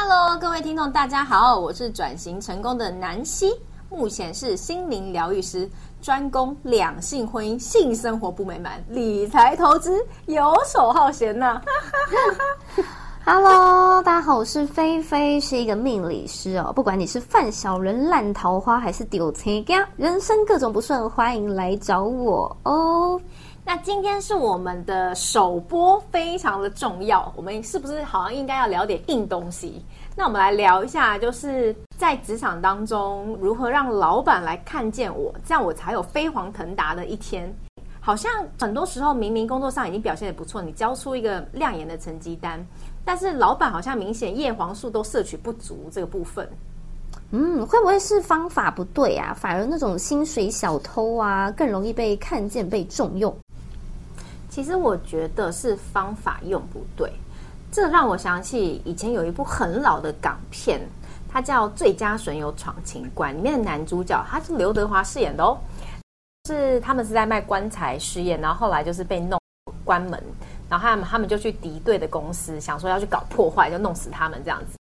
Hello，各位聽眾，大家好，我是轉型成功的南西，目前是心靈療癒師，專攻兩性婚姻、性生活不美滿、理財投資、遊手好閒吶、啊。 Hello，大家好，我是妃妃，是一個命理師哦，不管你是犯小人、爛桃花，還是丟親，人生各種不順，歡迎來找我哦。那今天是我們的首播，非常的重要。我們是不是好像應該要聊點硬東西？那我們來聊一下，就是在職場當中如何讓老闆來看見我，這樣我才有飛黃騰達的一天。好像很多時候，明明工作上已經表現得不錯，你交出一個亮眼的成績單，但是老闆好像明顯葉黃素都攝取不足這個部分。嗯，會不會是方法不對啊？反而那種薪水小偷啊，更容易被看見、被重用。其實我覺得是方法用不對，這讓我想起以前有一部很老的港片，它叫《最佳損友闖情關》，裡面的男主角他是劉德華飾演的哦。就是他們是在賣棺材事業，然後後來就是被弄關門，然後他們他們就去敵對的公司，想說要去搞破壞，就弄死他們這樣子。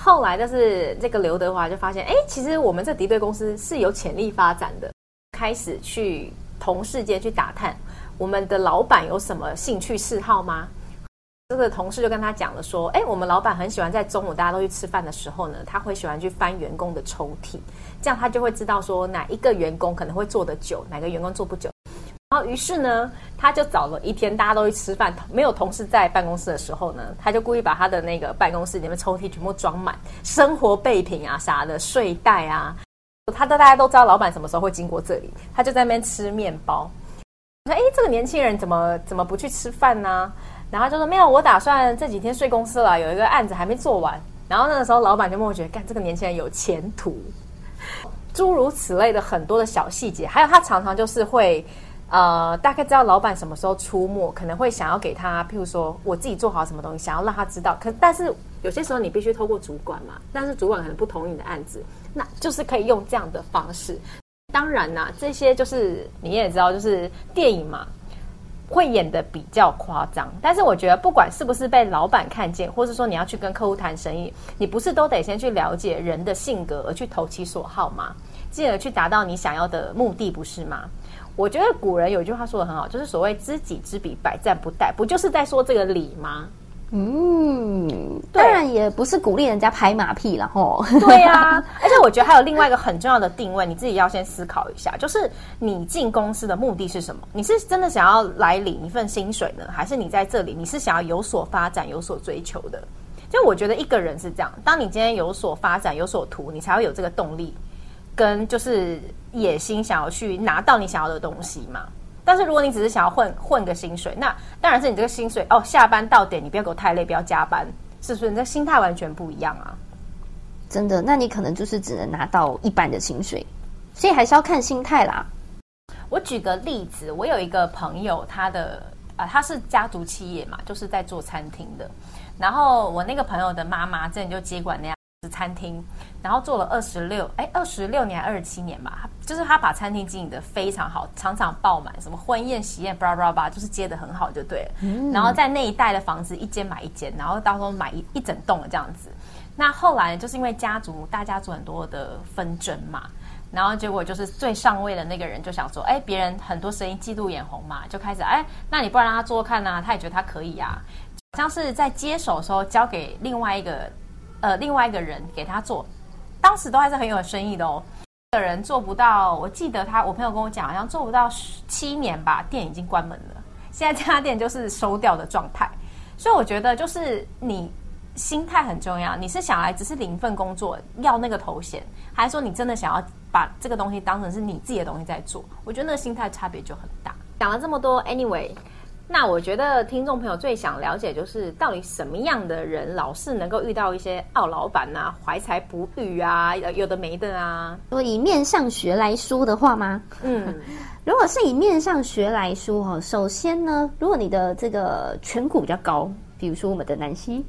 後來就是這個劉德華就發現，哎，其實我們這敵對公司是有潛力發展的，開始去同事間去打探。我們的老闆有什麼興趣嗜好嗎？這個同事就跟他講了，說：“哎，我們老闆很喜歡在中午大家都去吃飯的時候呢，他會喜歡去翻員工的抽屜，這樣他就會知道說哪一個員工可能會做得久，哪個員工做不久。然後於是呢，他就找了一天大家都去吃飯，沒有同事在辦公室的時候呢，他就故意把他的那個辦公室裡面抽屜全部裝滿生活備品啊、啥的睡袋啊。他都大家都知道老闆什麼時候會經過這裡，他就在那邊吃麵包。”說哎，這個年輕人怎麼怎麼不去吃飯呢？然後就說沒有，我打算這幾天睡公司了，有一個案子還沒做完。然後那個時候，老闆就會默默覺得，幹，這個年輕人有前途。諸如此類的很多的小細節，還有他常常就是會呃，大概知道老闆什麼時候出沒，可能會想要給他，譬如說我自己做好什麼東西，想要讓他知道。可但是有些時候你必須透過主管嘛，但是主管可能不同意你的案子，那就是可以用這樣的方式。當然啦，這些就是你也知道，就是電影嘛，會演得比較誇張。但是我覺得，不管是不是被老闆看見，或是說你要去跟客戶談生意，你不是都得先去了解人的性格，而去投其所好嗎？進而去達到你想要的目的，不是嗎？我覺得古人有一句話說得很好，就是所謂知己知彼，百戰不殆，不就是在說這個理嗎？嗯，當然也不是鼓勵人家拍馬屁了吼。對啊，而且我覺得還有另外一個很重要的定位，你自己要先思考一下，就是你進公司的目的是什麼？你是真的想要來領一份薪水呢，還是你在這裡你是想要有所發展、有所追求的？就我覺得一個人是這樣，當你今天有所發展、有所圖，你才會有這個動力跟就是野心，想要去拿到你想要的東西嘛。但是如果你只是想要混混個薪水，那當然是你這個薪水哦。下班到點，你不要給我太累，不要加班，是不是？你這心態完全不一樣啊！真的，那你可能就是只能拿到一般的薪水，所以還是要看心態啦。我舉個例子，我有一個朋友，他的啊、呃，他是家族企業嘛，就是在做餐廳的。然後我那個朋友的媽媽，這裡就接管那樣。是餐廳，然後做了二十六，哎，二十六年二十七年吧，就是他把餐廳經營的非常好，常常爆滿，什麼婚宴喜宴巴 r 巴 b r 就是接的很好就對了、嗯。然後在那一帶的房子，一間買一間，然後到時候買一一整棟的這樣子。那後來就是因為家族大家族很多的紛爭嘛，然後結果就是最上位的那個人就想說，哎，別人很多聲音嫉妒眼紅嘛，就開始，哎，那你不然讓他做,做看呢、啊？他也覺得他可以啊。像是在接手的時候交給另外一個。呃，另外一個人給他做，當時都還是很有生意的哦。個人做不到，我記得他，我朋友跟我講，好像做不到七年吧，店已經關門了。現在這家店就是收掉的狀態。所以我覺得，就是你心態很重要。你是想來只是領份工作，要那個頭銜，還是說你真的想要把這個東西當成是你自己的東西在做？我覺得那個心態差別就很大。講了這麼多，Anyway。那我覺得聽眾朋友最想了解就是，到底什麼樣的人老是能夠遇到一些傲老板啊、懷才不遇啊，有的沒的啊。如果以面相學來說的話嗎？嗯，如果是以面相學來說哈，首先呢，如果你的這個顴骨比較高。比如說我們的南西，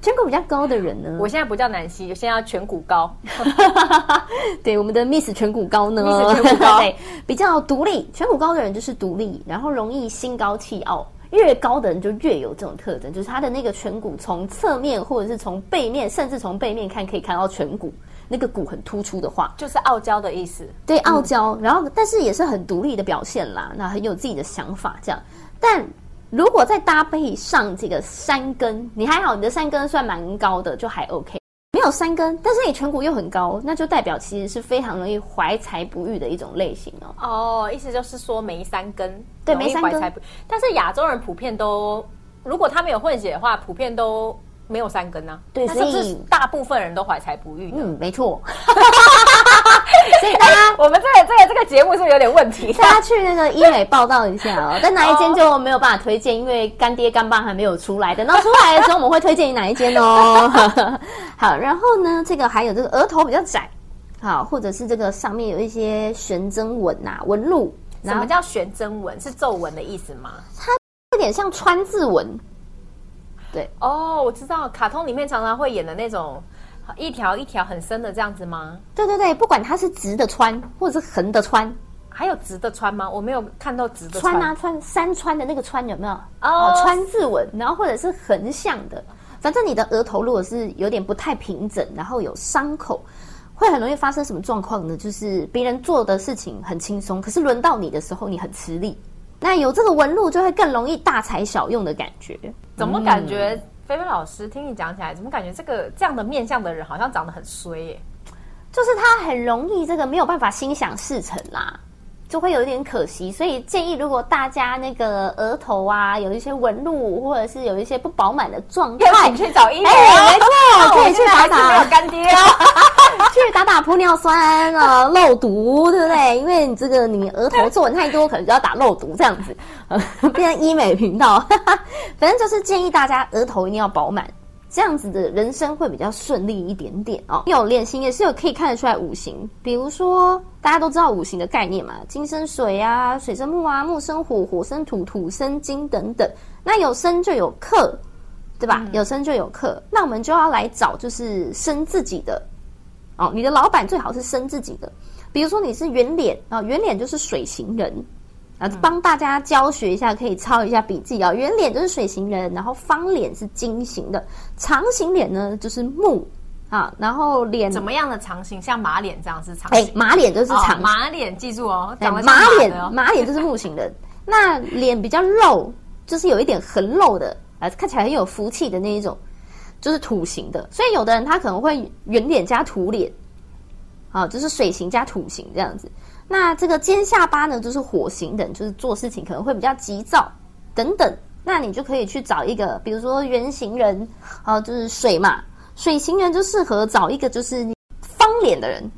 顴 骨比較高的人呢？我現在不叫南西，我現在叫顴骨高。 對，我們的 Miss 顴骨高呢？Miss 顴骨高， 比較獨立。顴骨高的人就是獨立，然後容易心高氣傲。越高的人就越有這種特徵，就是他的那個顴骨從側面或者是從背面，甚至從背面看可以看到顴骨那個骨很突出的話，就是傲嬌的意思。對，傲嬌，嗯、然後但是也是很獨立的表現啦，那很有自己的想法這樣，但。如果再搭配上這個山根，你還好，你的山根算蠻高的，就還 OK。沒有山根，但是你顴骨又很高，那就代表其實是非常容易懷才不遇的一種類型哦。哦，意思就是說沒山根，對，沒山根。但是亞洲人普遍都，如果他沒有混血的話，普遍都沒有山根啊。對，那是不是大部分人都懷才不遇？嗯，沒錯。 所以大家，欸、我們這個這個這個節目是不是有點問題、啊？大家去那個醫美報道一下哦，在 哪一間就沒有辦法推薦， 因為乾爹乾爸還沒有出來的。那出來的時候，我們會推薦你哪一間哦？ 好，然後呢，這個還有這個額頭比較窄，好，或者是這個上面有一些懸針紋啊紋路。什麼叫懸針紋？是皺紋的意思嗎？它有點像川字紋。對哦，我知道，卡通裡面常常會演的那種。一條一條很深的這樣子嗎？對對對，不管它是直的穿，或者是橫的穿，還有直的穿嗎？我沒有看到直的穿，穿啊，穿山穿的那個穿有沒有？哦、oh.，穿字紋，然後或者是橫向的，反正你的額頭如果是有點不太平整，然後有傷口，會很容易發生什麼狀況呢？就是別人做的事情很輕鬆，可是輪到你的時候，你很吃力。那有這個紋路，就會更容易大材小用的感覺，嗯、怎麼感覺？菲菲老師，聽你講起來，怎麼感覺這個這樣的面相的人好像長得很衰耶、欸？就是他很容易這個沒有辦法心想事成啦、啊。就會有一點可惜，所以建議如果大家那個額頭啊有一些紋路，或者是有一些不飽滿的狀態，可以去找醫美、啊哎，沒錯，可、啊、以、啊啊、 去打打乾爹，去打打玻尿酸啊，肉、呃、毒，對不對？因為你這個你額頭皺紋太多， 可能就要打肉毒這樣子，呃、變成醫美頻道哈哈。反正就是建議大家額頭一定要飽滿。這樣子的人生會比較順利一點點哦。你有臉型也是有可以看得出來五行，比如說大家都知道五行的概念嘛，金生水啊，水生木啊，木生火，火生土，土生金等等。那有生就有克，對吧？嗯、有生就有克，那我們就要來找就是生自己的哦。你的老闆最好是生自己的，比如說你是圓臉啊，哦、圓臉就是水型人。啊，幫大家教學一下，可以抄一下筆記啊、哦。圓臉就是水形人，然後方臉是金型的，長形臉呢就是木啊。然後臉怎麼樣的長形，像馬臉這樣是長。哎、欸，馬臉就是長。哦、馬臉，記住哦，馬臉、哦欸，馬臉就是木型人。 那臉比較肉，就是有一點橫肉的啊，看起來很有福氣的那一種，就是土型的。所以有的人他可能會圓臉加土臉，啊，就是水形加土型這樣子。那這個尖下巴呢，就是火型的，就是做事情可能會比較急躁等等。那你就可以去找一個，比如說圓形人，啊、呃，就是水嘛，水型人就適合找一個就是方臉的人，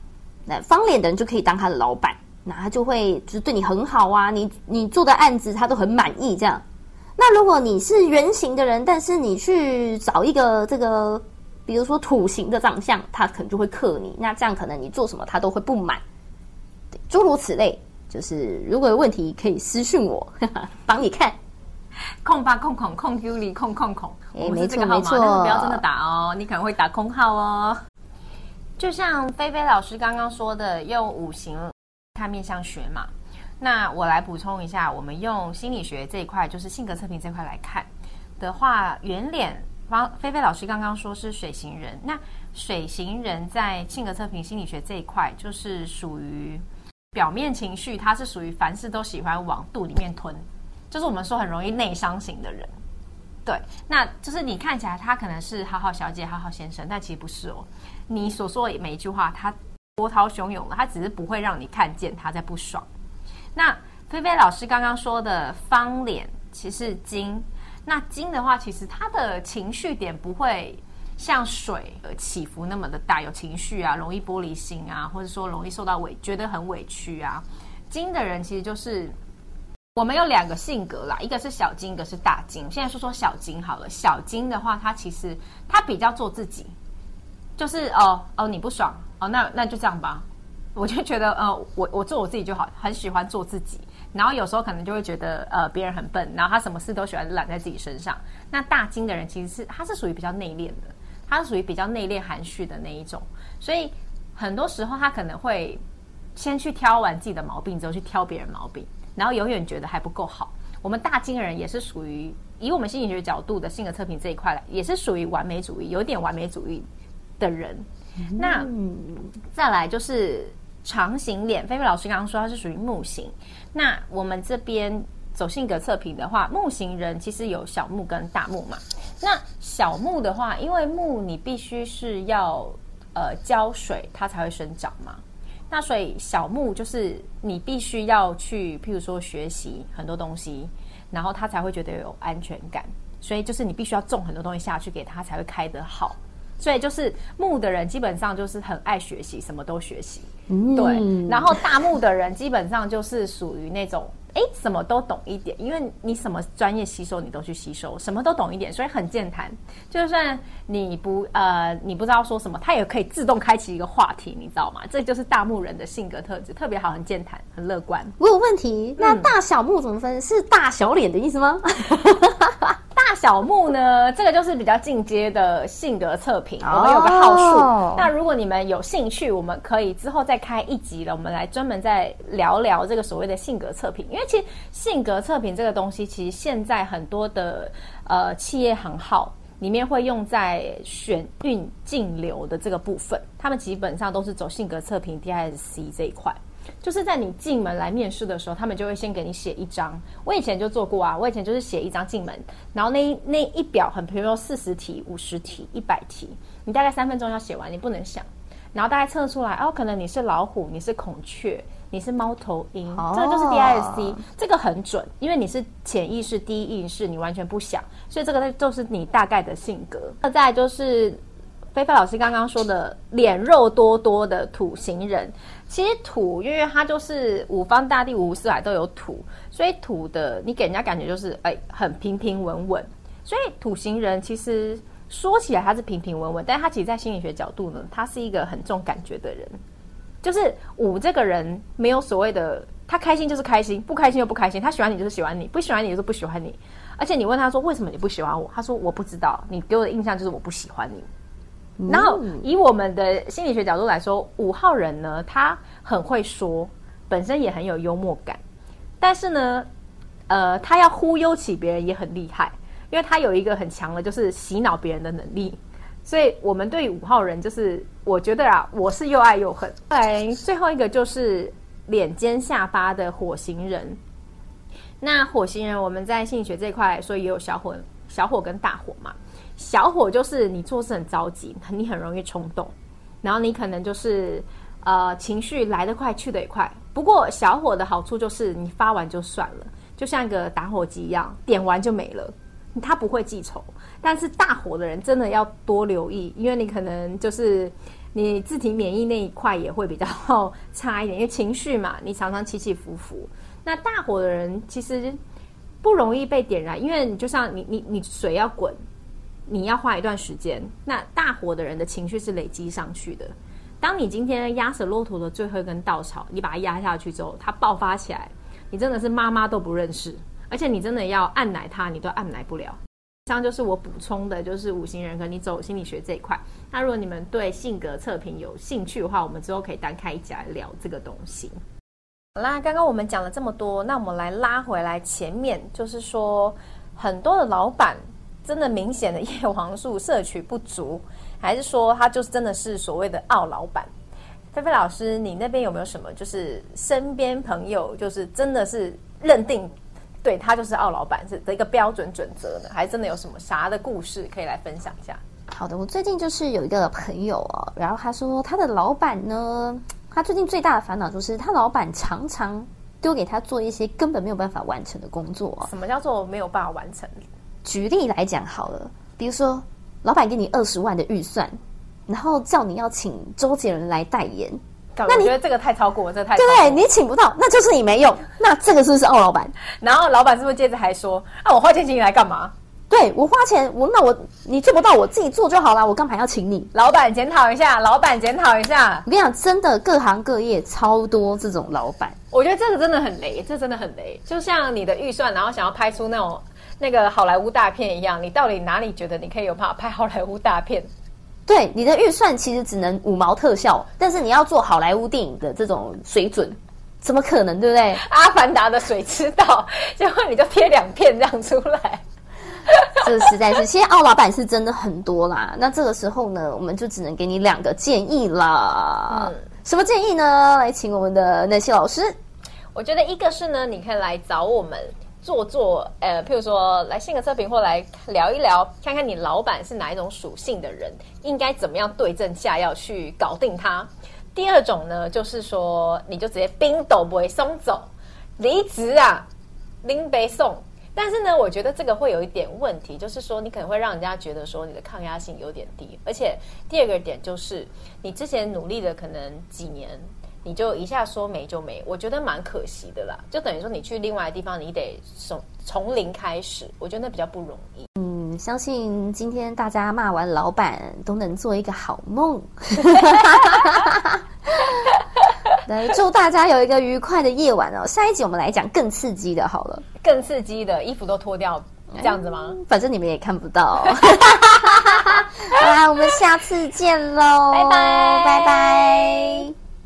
那方臉的人就可以當他的老闆，那他就會就是對你很好啊，你你做的案子他都很滿意這樣。那如果你是圓形的人，但是你去找一個這個，比如說土型的長相，他可能就會克你，那這樣可能你做什麼他都會不滿。諸如此類，就是如果有問題可以私訊我，呵呵幫你看。控八控空控，控 Q 零控控控我，哦欸、沒錯這個號碼沒錯，但是不要真的打哦，你可能會打空號哦。就像菲菲老師剛剛說的，用五行看面相學嘛。那我來補充一下，我們用心理學這一塊，就是性格測評這一塊來看的話，圓臉方，菲菲老師剛剛說是水型人。那水型人在性格測評心理學這一塊，就是屬於。表面情緒，他是屬於凡事都喜歡往肚裡面吞，就是我們說很容易內傷型的人。對，那就是你看起來他可能是好好小姐、好好先生，但其實不是哦。你所說的每一句話，他波濤洶湧的，他只是不會讓你看見他在不爽。那菲菲老師剛剛說的方臉，其實金，那金的話，其實他的情緒點不會。像水，呃，起伏那麼的大，有情緒啊，容易玻璃心啊，或者說容易受到委，覺得很委屈啊。金的人其實就是我們有兩個性格啦，一個是小金，一個是大金。現在說說小金好了，小金的話，他其實他比較做自己，就是哦哦你不爽哦，那那就這樣吧。我就覺得呃我我做我自己就好，很喜歡做自己。然後有時候可能就會覺得呃別人很笨，然後他什麼事都喜歡攬在自己身上。那大金的人其實是他是屬於比較內斂的。他屬於比較內斂含蓄的那一種，所以很多時候他可能會先去挑完自己的毛病之後，去挑別人毛病，然後永遠覺得還不夠好。我們大金人也是屬於以我們心理學角度的性格測評這一塊來，也是屬於完美主義，有點完美主義的人。嗯。那再來就是長形臉，菲菲老師剛剛說他是屬於木型，那我們這邊。走性格測評的話，木型人其實有小木跟大木嘛。那小木的話，因為木你必須是要呃澆水，它才會生長嘛。那所以小木就是你必須要去，譬如說學習很多東西，然後他才會覺得有安全感。所以就是你必須要種很多東西下去給他，才會開得好。所以就是木的人基本上就是很愛學習，什麼都學習。嗯，對，然後大木的人基本上就是屬於那種。哎，什麼都懂一點，因為你什麼專業吸收你都去吸收，什麼都懂一點，所以很健談。就算你不，呃，你不知道說什麼，他也可以自動開啟一個話題，你知道嗎？這就是大木人的性格特質，特別好，很健談，很樂觀。我有問題，那大小木怎麼分？嗯、是大小臉的意思嗎？ 小木呢，這個就是比較進階的性格測評，我們有個號數。Oh. 那如果你們有興趣，我們可以之後再開一集了，我們來專門再聊聊這個所謂的性格測評。因為其實性格測評這個東西，其實現在很多的呃企業行號裡面會用在選運進流的這個部分，他們基本上都是走性格測評 DISC 這一塊。就是在你進門來面試的時候，他們就會先給你寫一張。我以前就做過啊，我以前就是寫一張進門，然後那一那一表很比如說四十題、五十題、一百題，你大概三分鐘要寫完，你不能想。然後大概測出來，哦，可能你是老虎，你是孔雀，你是貓頭鷹，這個就是 D I S C。Oh. 這個很準，因為你是潛意識、低意識，你完全不想，所以這個就是你大概的性格。再來就是。菲菲老師剛剛說的“臉肉多多”的土型人，其實土，因為他就是五方大地，五湖四海都有土，所以土的你給人家感覺就是哎、欸，很平平穩穩。所以土型人其實說起來他是平平穩穩，但是他其實，在心理學角度呢，他是一個很重感覺的人。就是五這個人沒有所謂的，他開心就是開心，不開心就不開心。他喜歡你就是喜歡你，不喜歡你就是不喜歡你。而且你問他說，為什麼你不喜歡我？他說我不知道。你給我的印象就是我不喜歡你。然後，以我們的心理學角度來說，五號人呢，他很會說，本身也很有幽默感，但是呢，呃，他要忽悠起別人也很厲害，因為他有一個很強的，就是洗腦別人的能力。所以，我們對五號人，就是我覺得啊，我是又愛又恨。來，最後一個就是臉尖下巴的火星人。那火星人，我們在心理學這一塊來說，也有小火、小火跟大火嘛。小火就是你做事很着急，你很容易衝動，然後你可能就是呃情緒來得快去得也快。不過小火的好處就是你發完就算了，就像一個打火機一樣，點完就沒了，它不會記仇。但是大火的人真的要多留意，因為你可能就是你自體免疫那一塊也會比較差一點，因為情緒嘛，你常常起起伏伏。那大火的人其實不容易被點燃，因為你就像你你你水要滾。你要花一段時間，那大火的人的情緒是累積上去的。當你今天壓死駱駝的最後一根稻草，你把它壓下去之後，它爆發起來，你真的是媽媽都不認識，而且你真的要按捺它，你都按捺不了。以上就是我補充的，就是五行人格、你走心理學這一塊。那如果你們對性格測評有興趣的話，我們之後可以單開一集來聊這個東西。好啦，剛剛我們講了這麼多，那我們來拉回來前面，就是說很多的老闆，真的明顯的葉黃素攝取不足，還是說他就是真的是所謂的奧老闆？菲菲老師，你那邊有沒有什麼就是身邊朋友，就是真的是認定對他就是奧老闆是的一個標準準則呢？還是真的有什麼啥的故事可以來分享一下？好的，我最近就是有一個朋友哦，然後他說他的老闆呢，他最近最大的煩惱就是他老闆常常丟給他做一些根本沒有辦法完成的工作哦。什麼叫做沒有辦法完成？舉例來講好了，比如說老板給你二十萬的預算，然後叫你要請周杰倫來代言，那你覺得這個太超過，這個、太超過對，你請不到，那就是你沒用。那這個是不是奧老板？ 然後老板是不是接着還說：“那、啊、我花錢請你來幹嘛？”對，我花錢，我那我你做不到，我自己做就好啦。我幹嘛要請你？老板檢討一下，老板檢討一下。我跟你講，真的各行各業超多這種老板，我覺得這個真的很雷，這真的很雷。就像你的預算，然後想要拍出那種。那個好萊塢大片一樣，你到底哪裡覺得你可以有辦法拍好萊塢大片？對，你的預算其實只能五毛特效，但是你要做好萊塢電影的這種水準，怎麼可能？對不對？阿凡達的水之道，結 果 你就貼兩片這樣出來，這實在是。現在奧老板是真的很多啦， 那這個時候呢，我們就只能給你兩個建議啦。嗯、什麼建議呢？來，請我們的南西老師。我覺得一個是呢，你可以來找我們。做做，呃，譬如說來性格測評，或來聊一聊，看看你老闆是哪一種屬性的人，應該怎麼樣對症下藥去搞定他。第二種呢，就是說你就直接冰都不會松走，離職啊，拎杯送。但是呢，我覺得這個會有一點問題，就是說你可能會讓人家覺得說你的抗壓性有點低，而且第二個點就是你之前努力的可能幾年。你就一下說沒就沒，我覺得蠻可惜的啦。就等於說你去另外的地方，你得從從零開始，我覺得那比較不容易。嗯，相信今天大家罵完老板都能做一個好夢。來， 祝大家有一個愉快的夜晚哦！下一集我們來講更刺激的，好了，更刺激的衣服都脫掉、嗯、這樣子嗎？反正你們也看不到。啊， 我們下次見嘍！拜拜拜拜。拜拜。